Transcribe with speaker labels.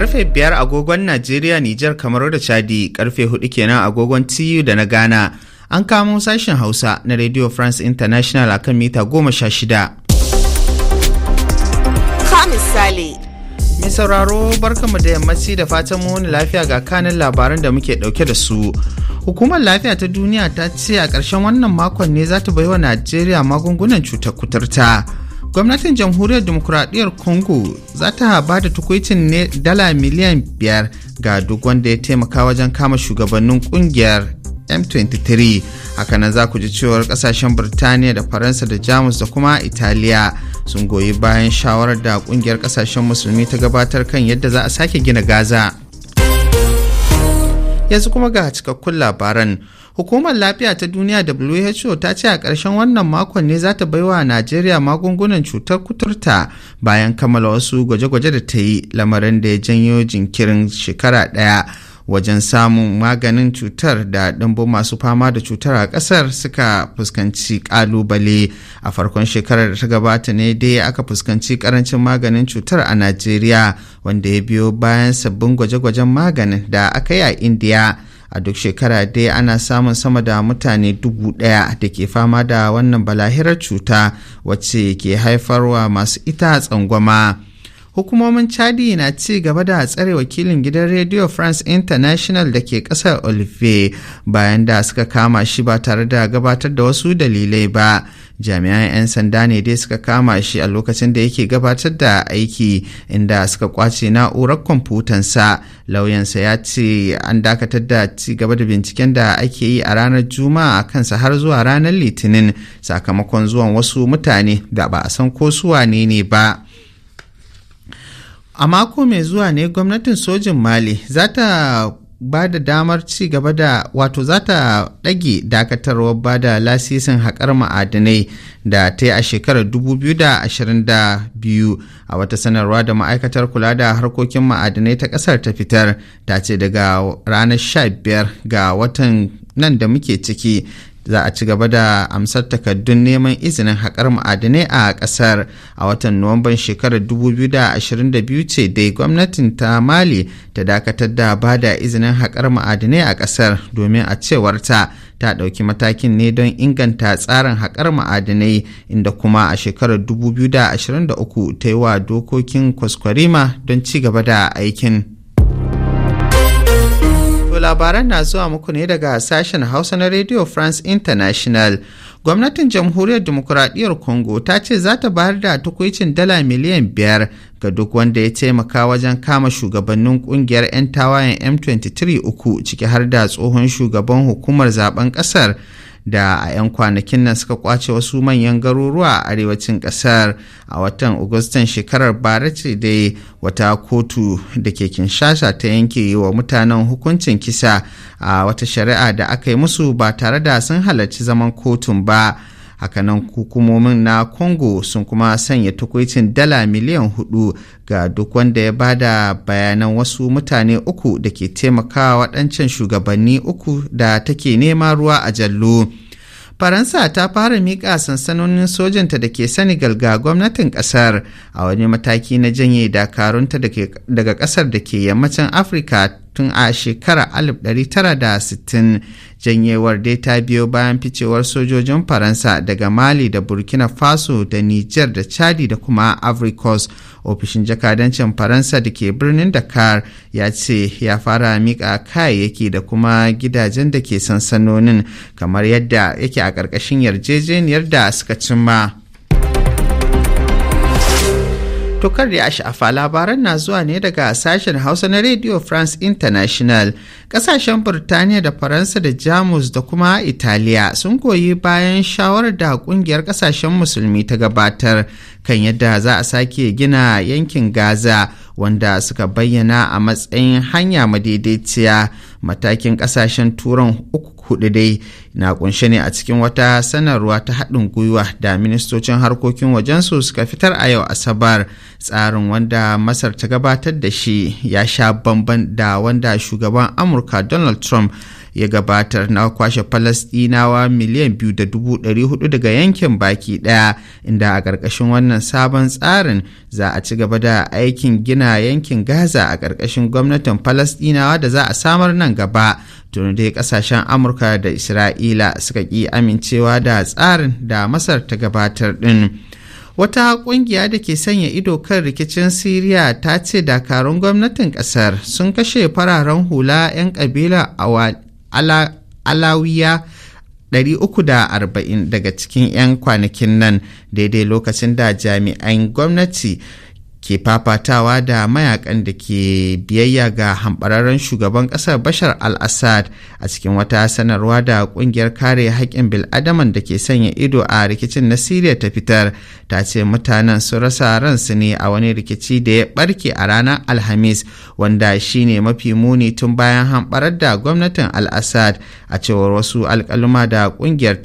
Speaker 1: Karfe biyar agogon Najeriya, Nijar, kamar da Chadi, karfe hudu kenan agogon TU da na Ghana. An kamo sashen Hausa na Radio France International akan mita goma sha shida. Mai sauraro barkamu da yammaci da fatan mu lafiya ga kanin labaran da muke dauke da su. Hukumar Lafiya ta Duniya ta ce a ƙarshen wannan makon ne za ta wa Najeriya magungunan cutar kuturta. gwamnatin jamhuriyar demokuraɗiyyar congo za ta ba da tukwicin ne dala miliyan biyar ga duk wanda ya taimaka wajen kama shugabannin kungiyar m23 hakanan za ku ji cewar kasashen birtaniya da faransa da jamus da kuma italiya sun goyi bayan shawarar da kungiyar kasashen musulmi ta gabatar kan yadda za a sake gina gaza yanzu kuma ga cikakkun labaran hukumar lafiya ta duniya who ta ce a ƙarshen wannan makon ne za ta baiwa najeriya magungunan cutar kuturta bayan kammala wasu gwaje-gwaje da ta yi lamarin da ya janyo jinkirin shekara ɗaya wajen samun maganin cutar da ɗimbin masu fama da cutar a ƙasar suka fuskanci ƙalubale a farkon shekarar da ta gabata ne dai aka fuskanci ƙarancin maganin cutar a najeriya wanda ya biyo bayan sabbin gwaje-gwajen maganin da aka yi a indiya a duk shekara dai ana samun sama da mutane dubu ɗaya da ke fama da wannan balahirar cuta wacce ke haifarwa masu ita tsangwama. hukumomin chadi na ci gaba da tsare wakilin gidan radio france international da ke kasar olive bayan da suka kama shi ba tare da gabatar da wasu dalilai ba jami'an 'yan sanda ne dai suka kama shi a lokacin da yake gabatar da aiki inda suka kwace na'urar kwamfutansa lauyansa ya ce an dakatar da ci gaba da binciken da ake yi a ranar juma'a kansa har zuwa ranar litinin sakamakon zuwan wasu mutane da ba a san ko su ne ba A mako mai zuwa ne gwamnatin sojin Mali za ta ba da damar ci gaba da wato za ta ɗage dakatarwar ba da lasisin haƙar ma'adinai da ta yi a shekarar 2022 a wata sanarwa da ma'aikatar kula da harkokin ma'adinai ta ƙasar ta fitar ta ce daga ranar 15 ga watan nan da muke ciki za a ci gaba da amsar takardun neman izinin haƙar ma'adinai a ƙasar a watan nuwamban shekarar 2022 ce dai gwamnatin ta mali ta dakatar da ba da izinin haƙar ma'adinai a ƙasar domin a cewarta ta ɗauki matakin ne don inganta tsarin haƙar ma'adinai inda kuma a shekarar 2023 ta yi wa dokokin kwaskwarima don ci gaba da aikin. labaran na zuwa muku ne daga sashen Hausa na Radio France International. Gwamnatin Jamhuriyar dimokuraɗiyar Congo ta ce za ta bayar da tukwicin dala miliyan biyar ga duk wanda ya taimaka wajen kama shugabannin kungiyar 'yan tawayen M23 uku ciki har da tsohon shugaban hukumar zaben ƙasar da a 'yan kwanakin nan suka kwace wasu manyan garuruwa a arewacin ƙasar a watan agustan shekarar bara ce dai wata kotu da ke kinshasa ta yanke wa mutanen hukuncin kisa a wata shari'a da aka yi musu ba tare da sun halarci zaman kotun ba. hakanan hukumomin na congo sun kuma sanya tukwicin dala miliyan hudu ga duk wanda ya bada bayanan wasu mutane uku da ke taimakawa waɗancan shugabanni uku da take nema ruwa a jallo faransa ta fara miƙa sansanonin sojanta da ke senegal ga gwamnatin ƙasar a wani mataki na janye dakarunta daga ƙasar da ke yammacin afirka tun a shekarar 1960 janyewar dai ta biyo bayan ficewar sojojin faransa daga mali da burkina faso da niger da chadi da kuma africos ofishin jakadancin faransa da ke birnin dakar ya ce ya fara miƙa kayayyaki da kuma gidajen da ke sansanonin kamar yadda yake a ƙarƙashin yarjejeniyar da suka cimma. Tokar da shafa labaran na zuwa ne daga sashen Hausa na Radio France International. Kasashen Burtaniya da Faransa da Jamus da kuma Italiya sun goyi bayan shawarar da kungiyar kasashen musulmi ta gabatar kan yadda za a sake gina yankin Gaza wanda suka bayyana a matsayin hanya madaidaiciya matakin kasashen turan uku hudu dai na kunshe ne a cikin wata sanarwa ta haɗin gwiwa da ministocin harkokin wajensu suka fitar a yau asabar tsarin wanda masar ta gabatar da shi ya sha bamban da wanda shugaban amurka donald trump ya gabatar na kwashe Falasɗinawa miliyan biyu da dubu ɗari hudu daga yankin baki ɗaya inda a ƙarƙashin wannan sabon tsarin za a ci gaba da aikin gina yankin Gaza a ƙarƙashin gwamnatin Falasɗinawa da za a samar nan gaba. tuni dai kasashen amurka da isra'ila suka ƙi amincewa da tsarin da masar ta gabatar ɗin. wata kungiya da ke sanya ido kan rikicin siriya ta ce dakarun gwamnatin kasar sun kashe fararen hula 'yan kabila alawiya 340 daga cikin 'yan kwanakin nan daidai lokacin da jami'an gwamnati ke fafatawa da mayakan da ke biyayya ga hambararren shugaban ƙasar bashar al-assad a cikin wata sanarwa da ƙungiyar kare haƙƙin bil'adaman da ke sanya ido a rikicin na siriya ta fitar ta ce mutanen su rasa ransu ne a wani rikici da ya barke a ranar alhamis wanda shine mafi muni tun bayan hamɓarar da gwamnatin al-assad a cewar wasu alƙaluma da ƙungiyar